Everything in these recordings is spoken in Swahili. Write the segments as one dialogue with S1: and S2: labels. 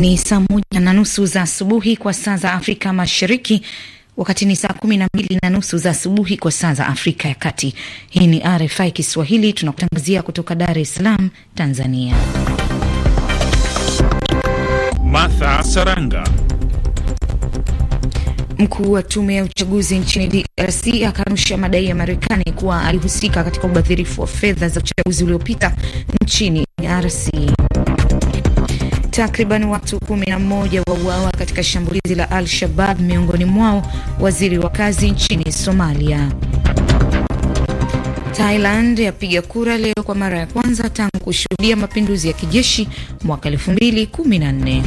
S1: Ni saa moja na nusu za asubuhi kwa saa za Afrika Mashariki, wakati ni saa kumi na mbili na nusu za asubuhi kwa saa za Afrika ya Kati. Hii ni RFI Kiswahili, tunakutangazia kutoka Dar es Salaam, Tanzania.
S2: Martha Saranga.
S1: Mkuu wa tume ya uchaguzi nchini DRC akanusha madai ya Marekani kuwa alihusika katika ubadhirifu wa fedha za uchaguzi uliopita nchini DRC. Takriban watu kumi na mmoja wauawa katika shambulizi la Al-Shabab, miongoni mwao waziri wa kazi nchini Somalia. Thailand yapiga kura leo kwa mara ya kwanza tangu kushuhudia mapinduzi ya kijeshi mwaka 2014.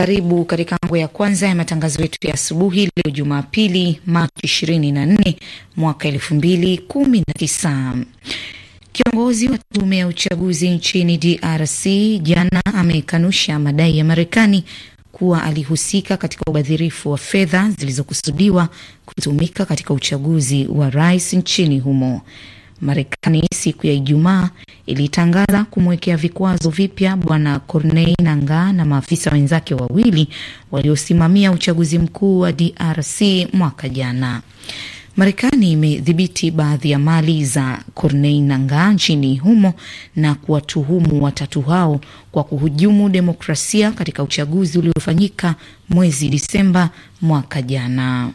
S1: karibu katika ango ya kwanza ya matangazo yetu ya asubuhi leo Jumapili, Machi 24 mwaka 2019. Kiongozi wa tume ya uchaguzi nchini DRC jana amekanusha madai ya Marekani kuwa alihusika katika ubadhirifu wa fedha zilizokusudiwa kutumika katika uchaguzi wa rais nchini humo. Marekani siku ya Ijumaa ilitangaza kumwekea vikwazo vipya bwana cornei nanga na maafisa wenzake wawili waliosimamia uchaguzi mkuu wa DRC mwaka jana. Marekani imedhibiti baadhi ya mali za cornei nanga nchini humo na kuwatuhumu watatu hao kwa kuhujumu demokrasia katika uchaguzi uliofanyika mwezi Disemba mwaka jana.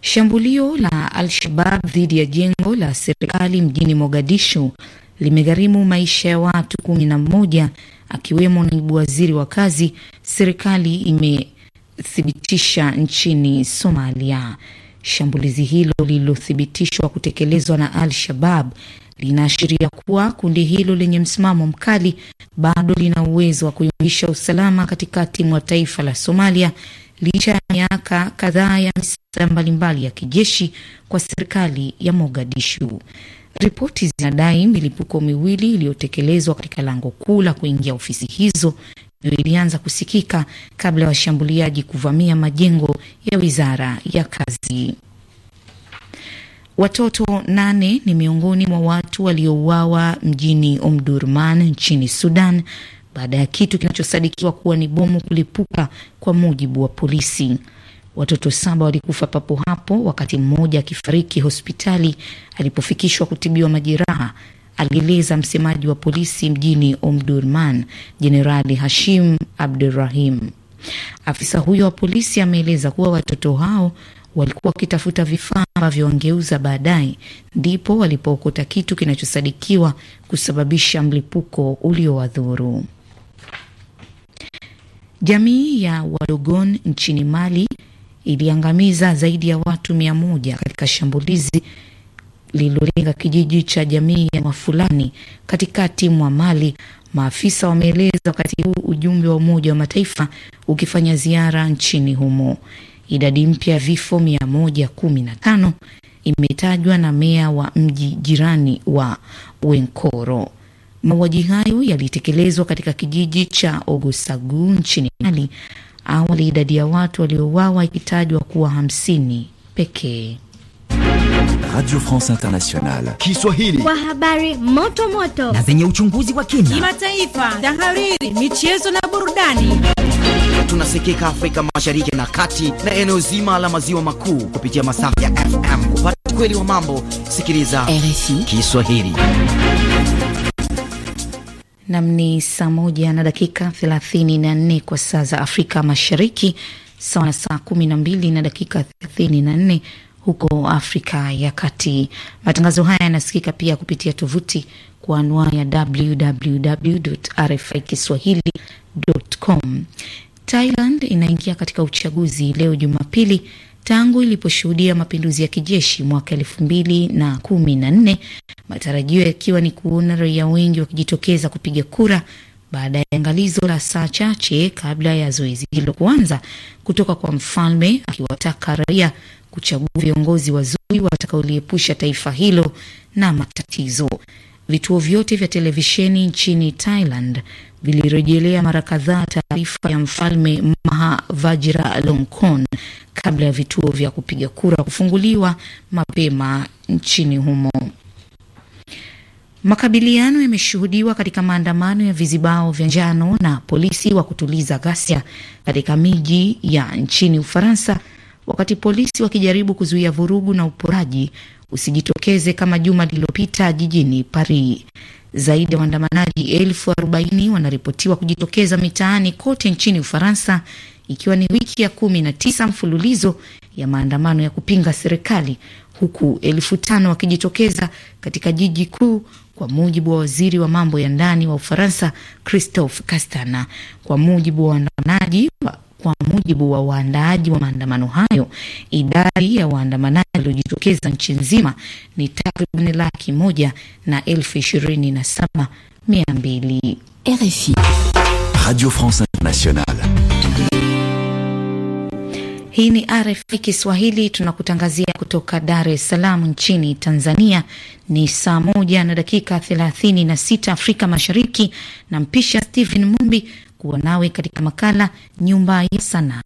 S1: Shambulio la Al-Shabab dhidi ya jengo la serikali mjini Mogadishu limegharimu maisha ya watu kumi na mmoja akiwemo naibu waziri wa kazi, serikali imethibitisha nchini Somalia. Shambulizi hilo lililothibitishwa kutekelezwa na Al-Shabab linaashiria kuwa kundi hilo lenye msimamo mkali bado lina uwezo wa kuimarisha usalama katikati mwa taifa la Somalia licha ya miaka kadhaa ya misaada mbalimbali ya kijeshi kwa serikali ya Mogadishu. Ripoti zinadai milipuko miwili iliyotekelezwa katika lango kuu la kuingia ofisi hizo ndio ilianza kusikika kabla ya washambuliaji kuvamia majengo ya wizara ya kazi. Watoto nane ni miongoni mwa watu waliouawa mjini Omdurman nchini Sudan baada ya kitu kinachosadikiwa kuwa ni bomu kulipuka, kwa mujibu wa polisi. Watoto saba walikufa papo hapo, wakati mmoja akifariki hospitali alipofikishwa kutibiwa majeraha, alieleza msemaji wa polisi mjini Omdurman, Jenerali Hashim abdurahim Afisa huyo wa polisi ameeleza kuwa watoto hao walikuwa wakitafuta vifaa ambavyo wangeuza baadaye, ndipo walipookota kitu kinachosadikiwa kusababisha mlipuko uliowadhuru. Jamii ya Wadogon nchini Mali iliangamiza zaidi ya watu mia moja katika shambulizi lililolenga kijiji cha jamii ya mafulani katikati mwa Mali, maafisa wameeleza, wakati huu ujumbe wa Umoja wa Mataifa ukifanya ziara nchini humo. Idadi mpya ya vifo mia moja kumi na tano imetajwa na meya wa mji jirani wa Wenkoro. Mauaji hayo yalitekelezwa katika kijiji cha Ogosagu nchini Mali. Awali idadi ya watu waliouawa ikitajwa kuwa hamsini pekee.
S3: Radio France Internationale Kiswahili,
S2: kwa
S1: habari moto moto na
S3: zenye uchunguzi wa kina,
S1: kimataifa, tahariri, michezo na burudani.
S3: Tunasikika Afrika Mashariki na Kati na eneo zima la maziwa makuu kupitia masafa ya FM. Kupata kweli wa mambo, sikiliza RFI Kiswahili
S1: nam ni saa moja na dakika thelathini na nne kwa saa za Afrika Mashariki, sawa na saa kumi na mbili na dakika thelathini na nne huko Afrika ya Kati. Matangazo haya yanasikika pia kupitia tovuti kwa anwani ya kiswahilicom Thailand inaingia katika uchaguzi leo Jumapili tangu iliposhuhudia mapinduzi ya kijeshi mwaka elfu mbili na kumi na nne, matarajio yakiwa ni kuona raia wengi wakijitokeza kupiga kura baada ya angalizo la saa chache kabla ya zoezi hilo kuanza kutoka kwa mfalme akiwataka raia kuchagua viongozi wazuri watakaoliepusha taifa hilo na matatizo. Vituo vyote vya televisheni nchini Thailand vilirejelea mara kadhaa taarifa ya mfalme Maha vajira Vajiralongkorn kabla ya vituo vya kupiga kura kufunguliwa mapema nchini humo. Makabiliano yameshuhudiwa katika maandamano ya vizibao vya njano na polisi wa kutuliza ghasia katika miji ya nchini Ufaransa, wakati polisi wakijaribu kuzuia vurugu na uporaji usijitokeze kama juma lililopita jijini Paris. Zaidi ya waandamanaji elfu arobaini wanaripotiwa kujitokeza mitaani kote nchini Ufaransa, ikiwa ni wiki ya kumi na tisa mfululizo ya maandamano ya kupinga serikali, huku elfu tano wakijitokeza katika jiji kuu, kwa mujibu wa waziri wa mambo ya ndani wa Ufaransa Christophe Castana. Kwa mujibu wa waandamanaji, kwa mujibu wa waandaaji wa maandamano hayo, idadi ya waandamanaji yaliyojitokeza nchi nzima ni takriban laki moja na elfu ishirini na saba mia mbili. RFI, Radio France Internationale. Hii ni RFI Kiswahili, tunakutangazia kutoka Dar es Salaam nchini Tanzania. Ni saa moja na dakika thelathini na sita Afrika Mashariki, na mpisha Stephen Mumbi kuwa nawe katika makala Nyumba ya Sanaa.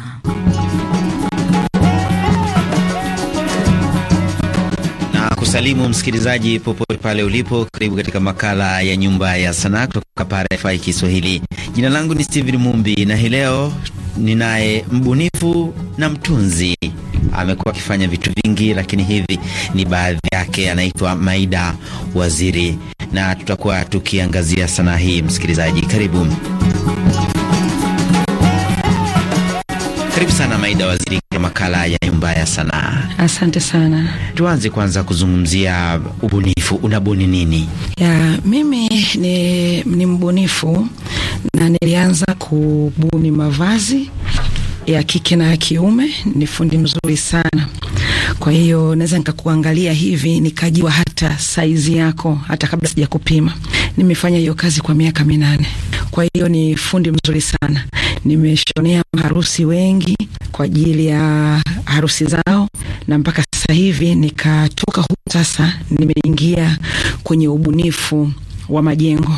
S3: Kusalimu msikilizaji popote pale ulipo, karibu katika makala ya nyumba ya sanaa kutoka RFI Kiswahili. Jina langu ni Steven Mumbi na hii leo ninaye mbunifu na mtunzi. Amekuwa akifanya vitu vingi, lakini hivi ni baadhi yake. Anaitwa Maida Waziri na tutakuwa tukiangazia sanaa hii. Msikilizaji, karibu. Karibu sana Maida Waziri makala ya Nyumba ya Sanaa.
S4: Asante sana.
S3: Tuanze kwanza kuzungumzia ubunifu. Unabuni nini?
S4: Ya, mimi ni, ni mbunifu na nilianza kubuni mavazi ya kike na ya kiume. Ni fundi mzuri sana, kwa hiyo naweza nikakuangalia hivi nikajua hata saizi yako hata kabla kupima Nimefanya hiyo kazi kwa miaka minane, kwa hiyo ni fundi mzuri sana. Nimeshonea maharusi wengi, kwa ajili ya harusi zao, na mpaka sasa hivi nikatoka huko, sasa nimeingia kwenye ubunifu wa majengo.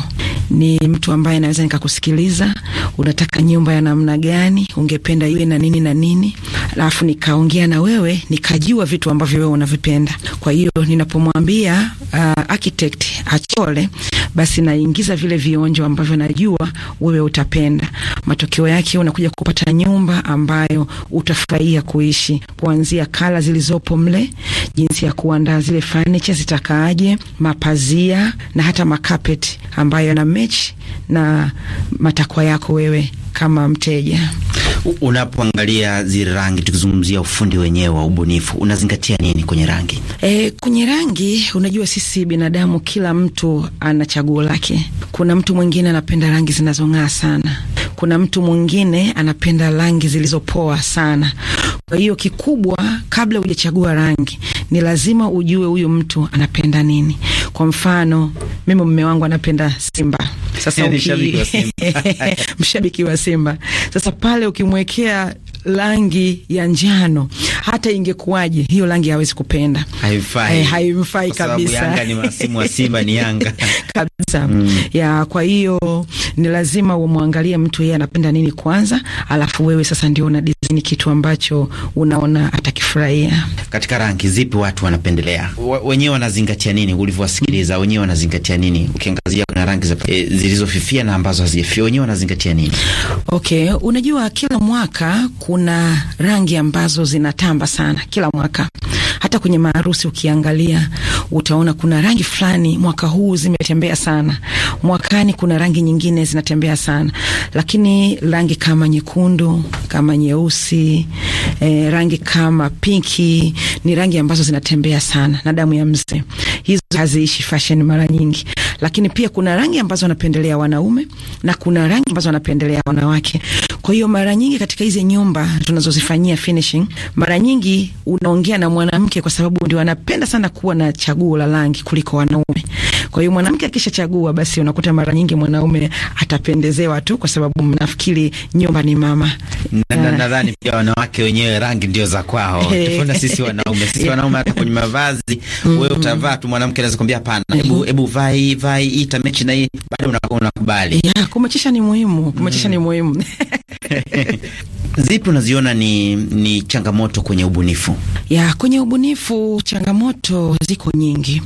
S4: Ni mtu ambaye naweza nikakusikiliza, unataka nyumba ya namna gani, ungependa iwe na nini na nini, alafu nikaongea na wewe, nikajua vitu ambavyo wewe unavipenda. Kwa hiyo ninapomwambia uh, architect achole basi naingiza vile vionjo ambavyo najua wewe utapenda. Matokeo yake unakuja kupata nyumba ambayo utafurahia kuishi, kuanzia kala zilizopo mle, jinsi ya kuandaa zile fanicha zitakaaje, mapazia na hata makapeti ambayo yana mechi na matakwa yako wewe kama mteja.
S3: Unapoangalia zile rangi, tukizungumzia ufundi wenyewe wa ubunifu, unazingatia nini kwenye rangi?
S4: E, kwenye rangi, unajua sisi binadamu, kila mtu ana chaguo lake. Kuna mtu mwingine anapenda rangi zinazong'aa sana, kuna mtu mwingine anapenda rangi zilizopoa sana. Kwa hiyo kikubwa, kabla hujachagua rangi, ni lazima ujue huyu mtu anapenda nini. Kwa mfano, mimi mume wangu anapenda Simba. Sasa uki... mshabiki wa Simba. Sasa pale uki kumwekea rangi ya njano hata ingekuwaje, hiyo rangi hawezi kupenda,
S3: haifai, eh,
S4: haimfai kabisa. Yanga
S3: ni wa Simba ni Yanga
S4: kabisa mm. ya kwa hiyo ni lazima umwangalie mtu yeye anapenda nini kwanza, alafu wewe sasa ndio una ni kitu ambacho unaona atakifurahia. Katika
S3: rangi zipi watu wanapendelea? Wenyewe wanazingatia nini? Ulivyowasikiliza wenyewe wanazingatia nini? Ukiangazia kuna rangi za e, zilizofifia na ambazo hazijafifia, wenyewe wanazingatia nini?
S4: Okay, unajua kila mwaka kuna rangi ambazo zinatamba sana kila mwaka hata kwenye maharusi ukiangalia utaona kuna rangi fulani mwaka huu zimetembea sana, mwakani kuna rangi nyingine zinatembea sana, lakini rangi kama nyekundu, kama nyeusi nyeusi, eh, rangi kama pinki ni rangi ambazo zinatembea sana na damu ya mzee. Hizo haziishi fashion mara nyingi. Lakini pia kuna rangi ambazo wanapendelea wanaume na kuna rangi ambazo wanapendelea wanawake. Kwa hiyo mara nyingi katika hizi nyumba tunazozifanyia finishing, mara nyingi unaongea na mwanamke, kwa sababu ndio anapenda sana kuwa na chaguo la rangi kuliko wanaume. Kwa hiyo mwanamke akishachagua, basi unakuta mara nyingi mwanaume atapendezewa tu, kwa sababu mnafikiri nyumba ni mama.
S3: Ah. Nadhani pia wanawake wenyewe rangi ndio za kwao, tofauti na sisi wanaume. Sisi wanaume hata kwenye mavazi, wewe mm-hmm. utavaa tu, mwanamke anaweza kukwambia hapana, hebu hebu vai vai, ita mechi na hii, bado unakubali.
S4: Kumechisha ni muhimu, kumechisha ni mm. muhimu.
S3: Zipi unaziona ni, ni changamoto kwenye ubunifu?
S4: Ya, kwenye ubunifu changamoto ziko nyingi,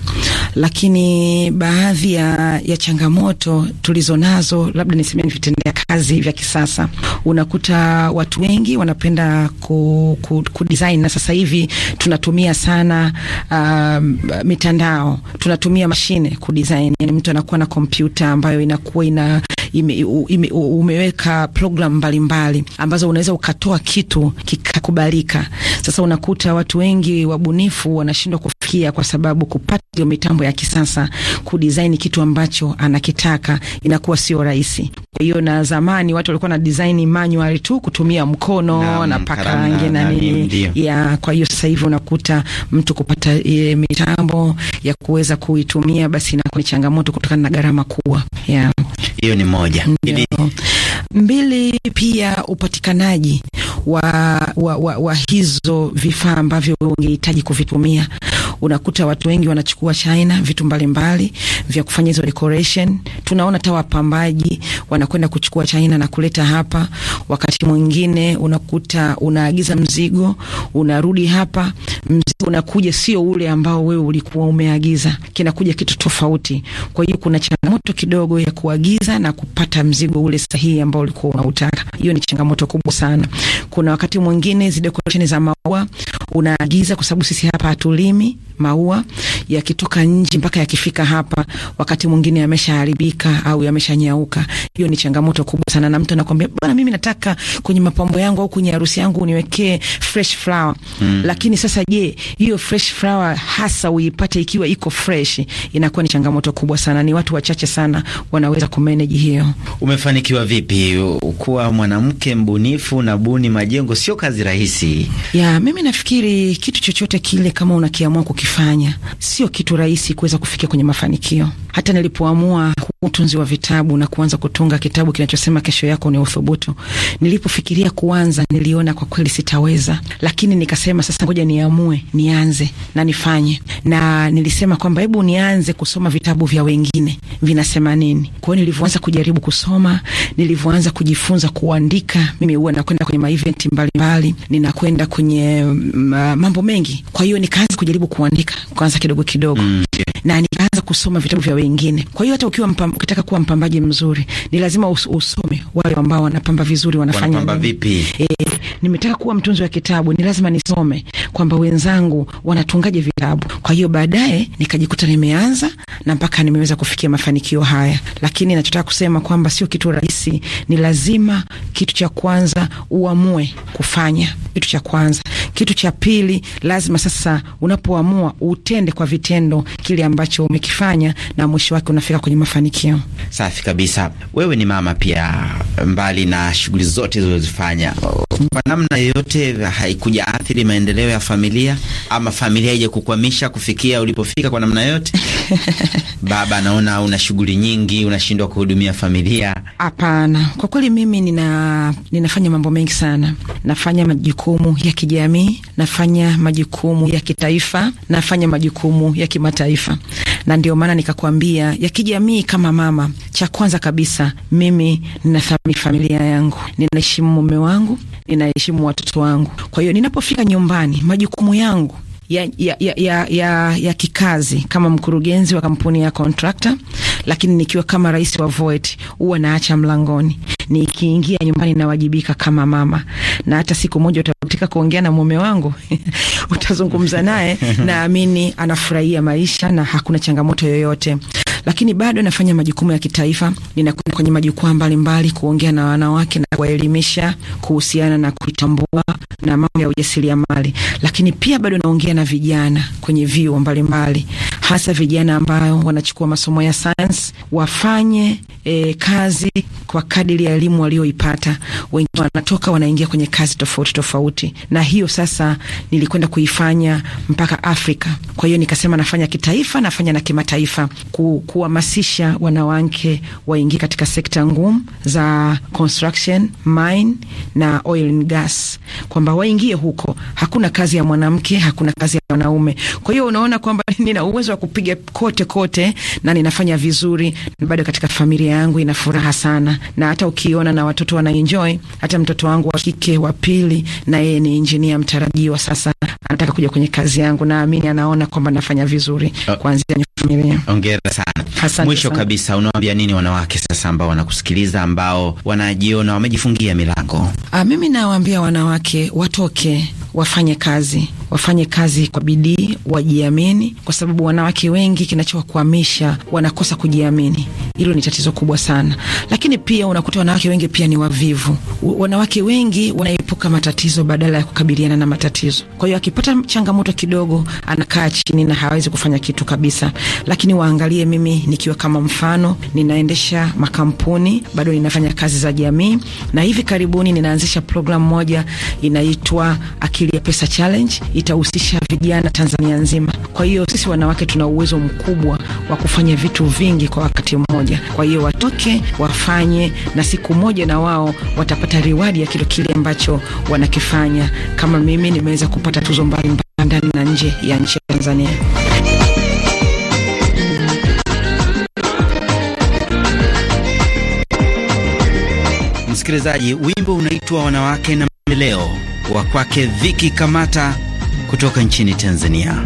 S4: lakini baadhi ya, ya changamoto tulizonazo labda niseme ni vitendea kazi vya kisasa. Unakuta watu wengi wanapenda ku, ku, ku design, na sasa hivi tunatumia sana uh, mitandao, tunatumia mashine ku design, yani mtu anakuwa na kompyuta ambayo inakuwa ina ime, ime, umeweka program mbalimbali ambazo unaweza ukatoa kitu kikakubalika. Sasa unakuta watu wengi wabunifu wanashindwa kufikia, kwa sababu kupata hiyo mitambo ya kisasa kudesign kitu ambacho anakitaka inakuwa sio rahisi. Kwa hiyo na zamani watu walikuwa na design manual tu kutumia mkono na paka rangi na nini ya. Kwa hiyo sasa hivi unakuta mtu kupata e, mitambo ya kuweza kuitumia basi inakuwa ni changamoto kutokana na gharama kubwa ya hiyo ni moja mbili. Mbili, pia upatikanaji wa, wa, wa, wa hizo vifaa ambavyo ungehitaji kuvitumia unakuta watu wengi wanachukua China vitu mbalimbali vya kufanya hizo decoration. Tunaona hata wapambaji wanakwenda kuchukua China na kuleta hapa. Wakati mwingine unakuta unaagiza mzigo, unarudi hapa, mzigo unakuja sio ule ambao wewe ulikuwa umeagiza, kinakuja kitu tofauti. Kwa hiyo kuna changamoto kidogo ya kuagiza na kupata mzigo ule sahihi ambao ulikuwa unautaka. Hiyo ni changamoto kubwa sana. Kuna wakati mwingine zile za maua unaagiza, kwa sababu sisi hapa hatulimi maua yakitoka nje mpaka yakifika hapa, wakati mwingine yameshaharibika au yameshanyauka. Hiyo ni changamoto kubwa sana, na mtu anakwambia bwana, mimi nataka kwenye mapambo yangu au kwenye harusi yangu uniwekee fresh flower mm. Lakini sasa, je, hiyo fresh flower hasa uipate ikiwa iko fresh? Inakuwa ni changamoto kubwa sana, ni watu wachache sana wanaweza kumanage hiyo.
S3: Umefanikiwa vipi kuwa mwanamke mbunifu na buni majengo? Sio kazi rahisi
S4: ya, mimi nafikiri kitu chochote kile kama unakiamua kuki tunachokifanya sio kitu rahisi kuweza kufikia kwenye mafanikio. Hata nilipoamua utunzi wa vitabu na kuanza kutunga kitabu kinachosema kesho yako ni uthubutu, nilipofikiria kuanza, niliona kwa kweli sitaweza, lakini nikasema sasa, ngoja niamue, nianze na nifanye. Na nilisema kwamba hebu nianze kusoma vitabu vya wengine vinasema nini. Kwa hiyo nilivyoanza kujaribu kusoma, nilivyoanza kujifunza kuandika, mimi huwa nakwenda kwenye maeventi mbalimbali, ninakwenda kwenye mm, mambo mengi, kwa hiyo nikaanza kujaribu kuandika kuandika kwanza kidogo kidogo mm, yeah. na nikaanza kusoma vitabu vya wengine. Kwa hiyo hata ukiwa mpam, ukitaka kuwa mpambaji mzuri ni lazima us, usome wale ambao wanapamba vizuri wanafanya wanapamba vipi? E, nimetaka kuwa mtunzi wa kitabu, ni lazima nisome kwamba wenzangu wanatungaje vitabu. Kwa hiyo baadaye nikajikuta nimeanza na mpaka nimeweza kufikia mafanikio haya, lakini nachotaka kusema kwamba sio kitu rahisi. Ni lazima kitu cha kwanza uamue kufanya, kitu cha kwanza. Kitu cha pili, lazima sasa unapoamua utende kwa vitendo kile ambacho umekifanya, na mwisho wake unafika kwenye mafanikio.
S3: Safi kabisa. Wewe ni mama pia, mbali na shughuli zote ulizofanya kwa namna yoyote haikuja athiri maendeleo ya familia ama familia ije kukwamisha kufikia ulipofika kwa namna yoyote? Baba anaona una shughuli nyingi, unashindwa kuhudumia familia.
S4: Hapana, kwa kweli mimi nina, ninafanya mambo mengi sana. Nafanya majukumu ya kijamii, nafanya majukumu ya kitaifa, nafanya majukumu ya kimataifa na ndio maana nikakwambia ya kijamii. Kama mama, cha kwanza kabisa mimi ninathamini familia yangu, ninaheshimu mume wangu, ninaheshimu watoto wangu. Kwa hiyo ninapofika nyumbani, majukumu yangu ya, ya, ya, ya, ya kikazi kama mkurugenzi wa kampuni ya contractor, lakini nikiwa kama rais wa Voet huwa naacha mlangoni ni nikiingia nyumbani nawajibika kama mama, na hata siku moja utakatika kuongea na mume wangu utazungumza naye, naamini anafurahia maisha na hakuna changamoto yoyote lakini bado nafanya majukumu ya kitaifa. Ninakwenda kwenye majukwaa mbalimbali kuongea na wanawake na kuwaelimisha kuhusiana na kutambua na mambo ya ujasiriamali, lakini pia bado naongea na vijana kwenye vyuo mbalimbali hasa vijana ambao wanachukua masomo ya sayansi wafanye e, kazi kwa kadiri ya elimu walioipata. Wengine wanatoka wanaingia kwenye kazi tofauti tofauti, na hiyo sasa nilikwenda kuifanya mpaka Afrika. Kwa hiyo nikasema nafanya kitaifa, nafanya na kimataifa, ku, kuhamasisha wanawake waingie katika sekta ngumu za construction, mine na oil and gas, kwamba waingie huko. Hakuna kazi ya mwanamke, hakuna kazi ya wanaume. Kwa hiyo unaona kwamba nina uwezo wa kupiga kote kote na ninafanya vizuri, bado katika familia yangu ina furaha sana, na hata ukiona na watoto enjoy Hata mtoto wangu wa kike wa pili, na yeye ni injinia mtarajiwa, sasa anataka kuja kwenye kazi yangu, naamini anaona kwamba nafanya vizuri ah. kuanzia kwenye familia.
S3: Hongera sana. Asante mwisho sana. Kabisa, unawaambia nini wanawake sasa ambao wanakusikiliza ambao wanajiona wamejifungia milango?
S4: Ah, mimi nawaambia wanawake watoke, wafanye kazi, wafanye kazi kwa bidii, wajiamini, kwa sababu wanawake wengi kinachowakwamisha wanakosa kujiamini. Hilo ni tatizo kubwa sana, lakini pia unakuta wanawake wengi pia ni wavivu. Wanawake wengi wanaepuka matatizo badala ya kukabiliana na matatizo. Kwa hiyo akipata changamoto kidogo anakaa chini na hawezi kufanya kitu kabisa, lakini waangalie mimi nikiwa kama mfano, ninaendesha makampuni, bado ninafanya kazi za jamii, na hivi karibuni ninaanzisha programu moja inaitwa Akili ya Pesa Challenge, itahusisha vijana Tanzania nzima. Kwa hiyo sisi wanawake tuna uwezo mkubwa wa kufanya vitu vingi kwa wakati mmoja. Kwa hiyo watoke wafanye, na siku moja na wao watapata riwadi ya kile kile ambacho wanakifanya. Kama mimi nimeweza kupata tuzo mbalimbali ndani na nje ya nchi ya Tanzania.
S3: msikilizaji, wimbo unaitwa wanawake na maendeleo wa kwake Viki Kamata kutoka nchini Tanzania.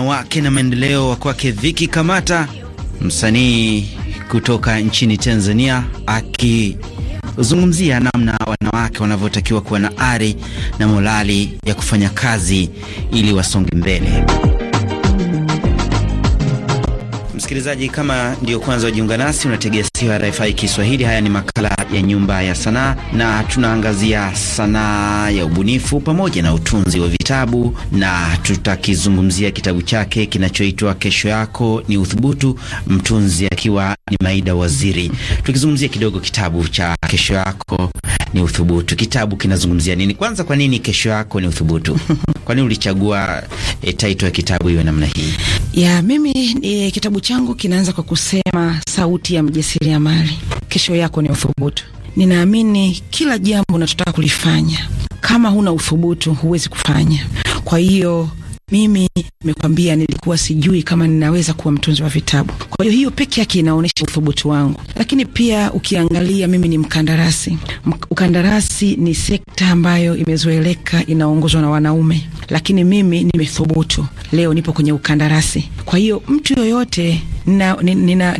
S3: wanawake na maendeleo wa kwake Viki Kamata, msanii kutoka nchini Tanzania, akizungumzia namna wanawake wanavyotakiwa kuwa na ari na morali ya kufanya kazi ili wasonge mbele. Msikilizaji, kama ndio kwanza ujiunga nasi, unategea sikio RFI Kiswahili. Haya ni makala ya Nyumba ya Sanaa na tunaangazia sanaa ya ubunifu pamoja na utunzi wa vitabu, na tutakizungumzia kitabu chake kinachoitwa Kesho Yako ni Uthubutu, mtunzi akiwa ni Maida Waziri. Tukizungumzia kidogo kitabu cha Kesho Yako ni Uthubutu, kitabu kinazungumzia nini? Kwanza, kwa nini Kesho Yako ni Uthubutu? Kwa nini ulichagua e, title ya kitabu iwe namna hii?
S4: Ya mimi e, kitabu cha changu kinaanza kwa kusema sauti ya mjasiriamali. Kesho yako ni uthubutu. Ninaamini kila jambo unachotaka kulifanya, kama huna uthubutu huwezi kufanya. Kwa hiyo mimi nimekwambia, nilikuwa sijui kama ninaweza kuwa mtunzi wa vitabu. Kwa hiyo hiyo peke yake inaonyesha uthubutu wangu, lakini pia ukiangalia, mimi ni mkandarasi. Ukandarasi ni sekta ambayo imezoeleka inaongozwa na wanaume, lakini mimi nimethubutu leo nipo kwenye ukandarasi. Kwa hiyo mtu yoyote ninamweleza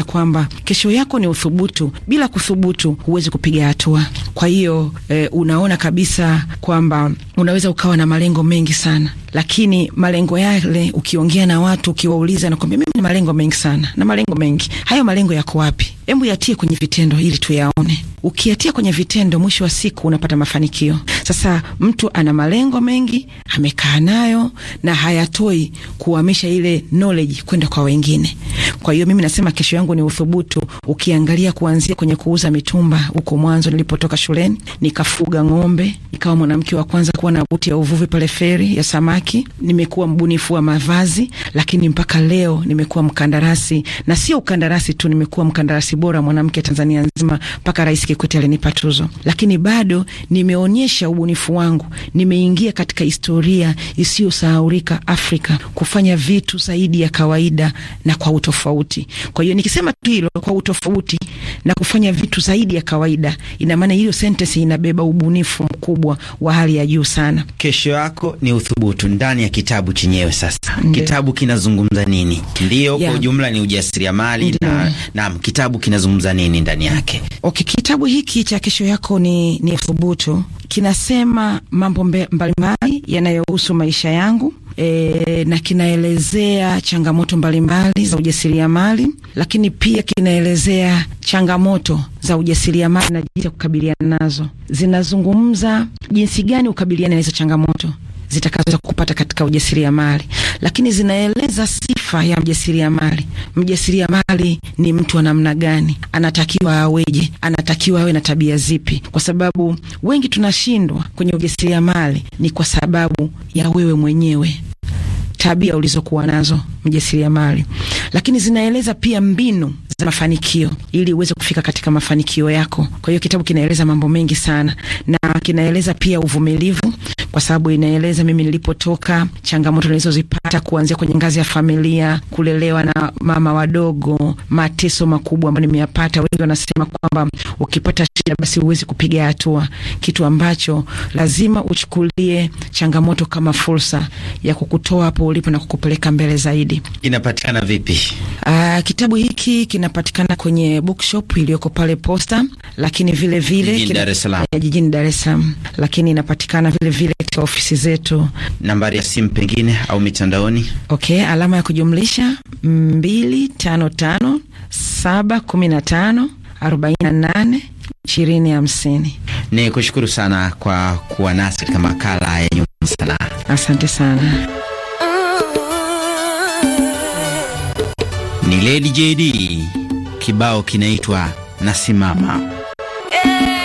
S4: nina kwamba kesho yako ni uthubutu. Bila kuthubutu huwezi kupiga hatua. Kwa hiyo e, unaona kabisa kwamba unaweza ukawa na malengo mengi sana lakini malengo yale ukiongea na watu ukiwauliza, nakwambia mimi na malengo mengi sana na malengo mengi hayo, malengo yako wapi? Hebu yatie kwenye vitendo ili tuyaone. Ukiyatia kwenye vitendo, mwisho wa siku unapata mafanikio. Sasa mtu ana malengo mengi, amekaa nayo na hayatoi kuhamisha ile knowledge kwenda kwa wengine mengine. Kwa hiyo mimi nasema kesho yangu ni uthubutu. Ukiangalia kuanzia kwenye kuuza mitumba huko mwanzo, nilipotoka shuleni nikafuga ng'ombe, nikawa mwanamke wa kwanza kuwa na buti ya uvuvi pale feri ya samaki. Nimekuwa mbunifu wa mavazi, lakini mpaka leo nimekuwa mkandarasi, na sio ukandarasi tu, nimekuwa mkandarasi bora mwanamke Tanzania nzima, mpaka Rais Kikwete alinipa tuzo. Lakini bado nimeonyesha ubunifu wangu, nimeingia katika historia isiyosahaulika Afrika kufanya vitu zaidi ya kawaida na na kwa utofauti. Kwa hiyo nikisema tu hilo kwa utofauti na kufanya vitu zaidi ya kawaida, ina maana hiyo sentensi inabeba ubunifu mkubwa wa hali ya juu sana.
S3: Kesho yako ni uthubutu ndani ya kitabu chenyewe. Sasa Nde. kitabu kinazungumza nini? Ndio, yeah. kwa ujumla ni ujasiriamali na, naam, kitabu kinazungumza nini ndani yake?
S4: Okay, kitabu hiki cha kesho yako ni, ni uthubutu kinasema mambo mbalimbali yanayohusu maisha yangu e, na kinaelezea changamoto mbalimbali za ujasiriamali, lakini pia kinaelezea changamoto za ujasiriamali na jinsi ya kukabiliana nazo. Zinazungumza jinsi gani ukabiliana na hizo changamoto zitakazoweza kupata katika ujasiriamali, lakini zinaeleza sifa ya mjasiriamali. Mjasiriamali ni mtu wa namna gani? Anatakiwa aweje? Anatakiwa awe na tabia zipi? Kwa sababu wengi tunashindwa kwenye ujasiriamali ni kwa sababu ya wewe mwenyewe tabia ulizokuwa nazo mjasiriamali, lakini zinaeleza pia mbinu za mafanikio ili uweze kufika katika mafanikio yako. Kwa hiyo kitabu kinaeleza mambo mengi sana, na kinaeleza pia uvumilivu, kwa sababu inaeleza mimi nilipotoka, changamoto nilizozipata kuanzia kwenye ngazi ya familia, kulelewa na mama wadogo, mateso makubwa ambayo nimeyapata. Wengi wanasema kwamba ukipata shida basi huwezi kupiga hatua, kitu ambacho lazima uchukulie changamoto kama fursa ya kukutoa hapo ulipo na kukupeleka mbele zaidi.
S3: Inapatikana vipi?
S4: Aa, ah, kitabu hiki kinapatikana kwenye bookshop iliyoko pale Posta, lakini vile vile jijini eh, Dar es Salaam, lakini inapatikana vile vile katika ofisi zetu. Nambari ya
S3: simu pengine au mitandaoni?
S4: Okay, alama ya kujumlisha mbili tano tano saba kumi na tano arobaini na nane ishirini hamsini.
S3: Ni kushukuru sana kwa kuwa nasi katika makala ya nyumba sanaa.
S4: Asante sana.
S3: Ni Lady JD, kibao kinaitwa Nasimama. Eh.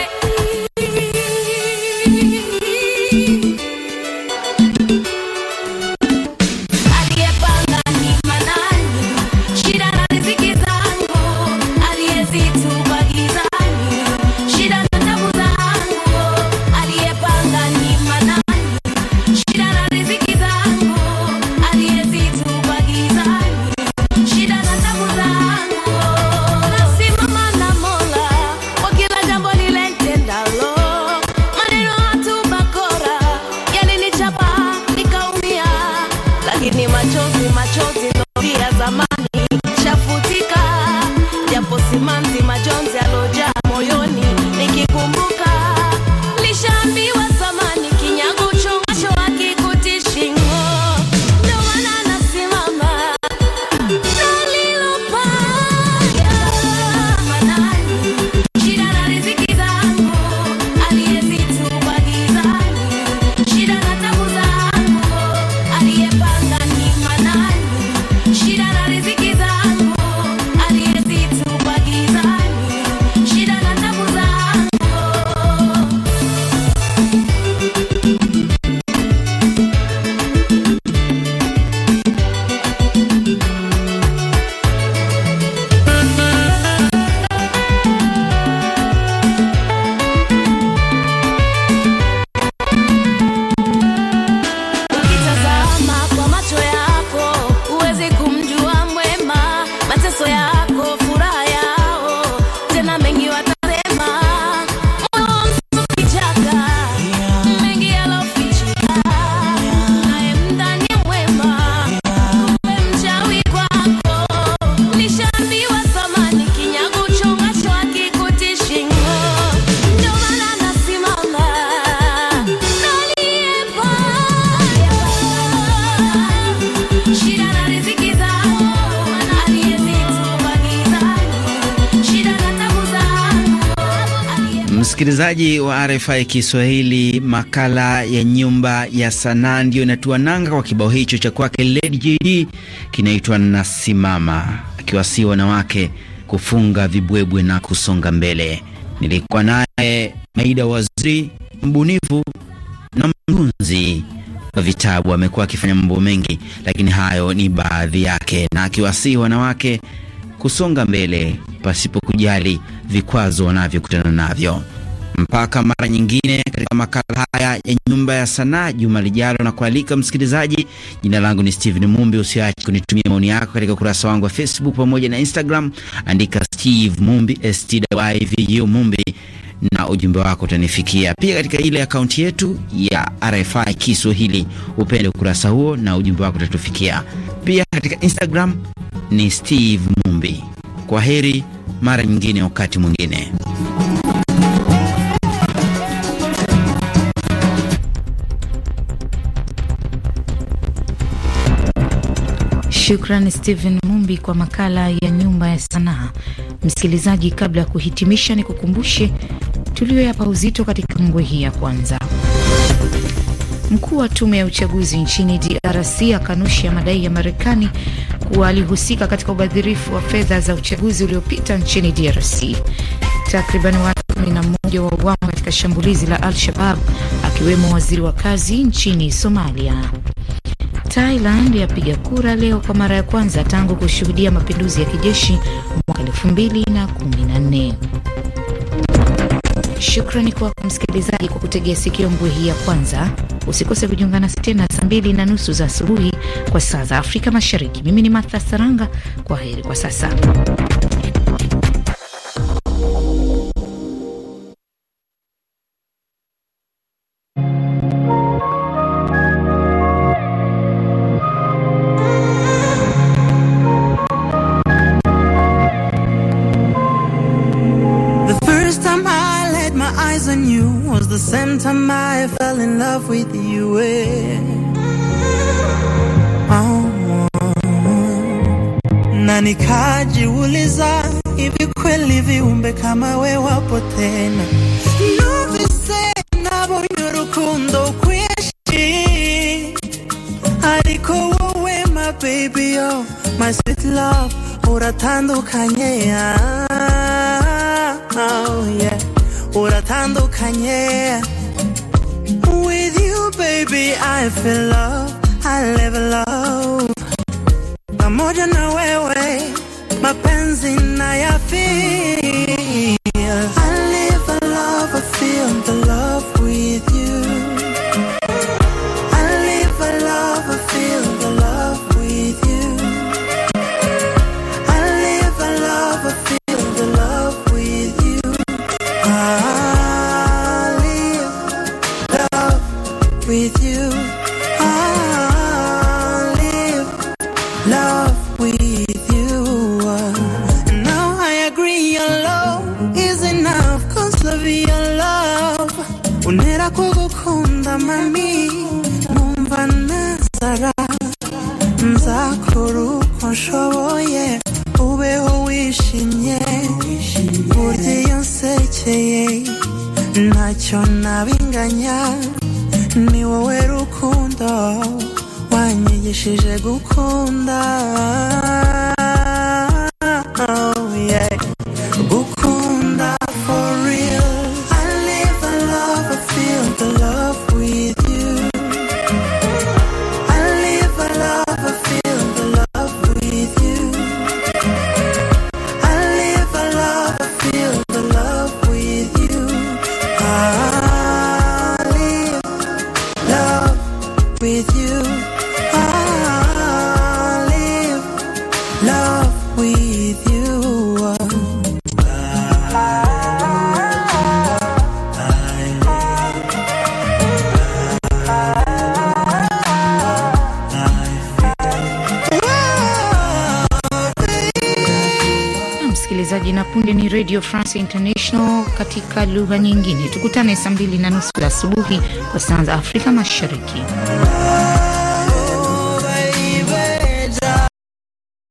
S3: RFI Kiswahili, makala ya nyumba ya sanaa ndiyo inatua nanga kwa kibao hicho cha kwake Lady JD kinaitwa Nasimama, akiwasii wanawake kufunga vibwebwe na kusonga mbele. Nilikuwa naye Maida Waziri, mbunifu na mtunzi wa vitabu. Amekuwa akifanya mambo mengi, lakini hayo ni baadhi yake, na akiwasii wanawake kusonga mbele pasipo kujali vikwazo wanavyokutana navyo. Mpaka mara nyingine katika makala haya ya Nyumba ya Sanaa juma lijalo, na kualika msikilizaji. Jina langu ni Steven Mumbi. Usiache kunitumia maoni yako katika ukurasa wangu wa Facebook pamoja na Instagram, andika Steve Mumbi, Stivu e Mumbi, na ujumbe wako utanifikia pia katika ile akaunti yetu ya RFI Kiswahili. Upende ukurasa huo na ujumbe wako utatufikia pia katika Instagram ni Steve Mumbi. Kwa heri, mara nyingine, wakati mwingine.
S1: Shukrani Stephen Mumbi kwa makala ya nyumba ya sanaa. Msikilizaji, kabla ya kuhitimisha, ni kukumbushe tuliyoyapa uzito katika ngwe hii ya kwanza. Mkuu wa tume ya uchaguzi nchini DRC akanusha madai ya Marekani kuwa alihusika katika ubadhirifu wa fedha za uchaguzi uliopita nchini DRC. Takriban watu 11 wauawa katika shambulizi la Al-Shabab akiwemo waziri wa kazi nchini Somalia. Thailand yapiga kura leo kwa mara ya kwanza tangu kushuhudia mapinduzi ya kijeshi mwaka 2014. Shukrani kwa msikilizaji kwa kutegea sikio mbwe hii ya kwanza. Usikose kujiunga nasi tena saa mbili na nusu za asubuhi kwa saa za Afrika Mashariki. Mimi ni Martha Saranga, kwa heri kwa sasa.
S2: the same time I fell in love with you. Eh. Oh, oh, Nani kaji uliza? hivi kweli viumbe kama we wapo tena
S1: Radio France International katika lugha nyingine. Tukutane saa mbili na nusu asubuhi kwa saa za Afrika Mashariki.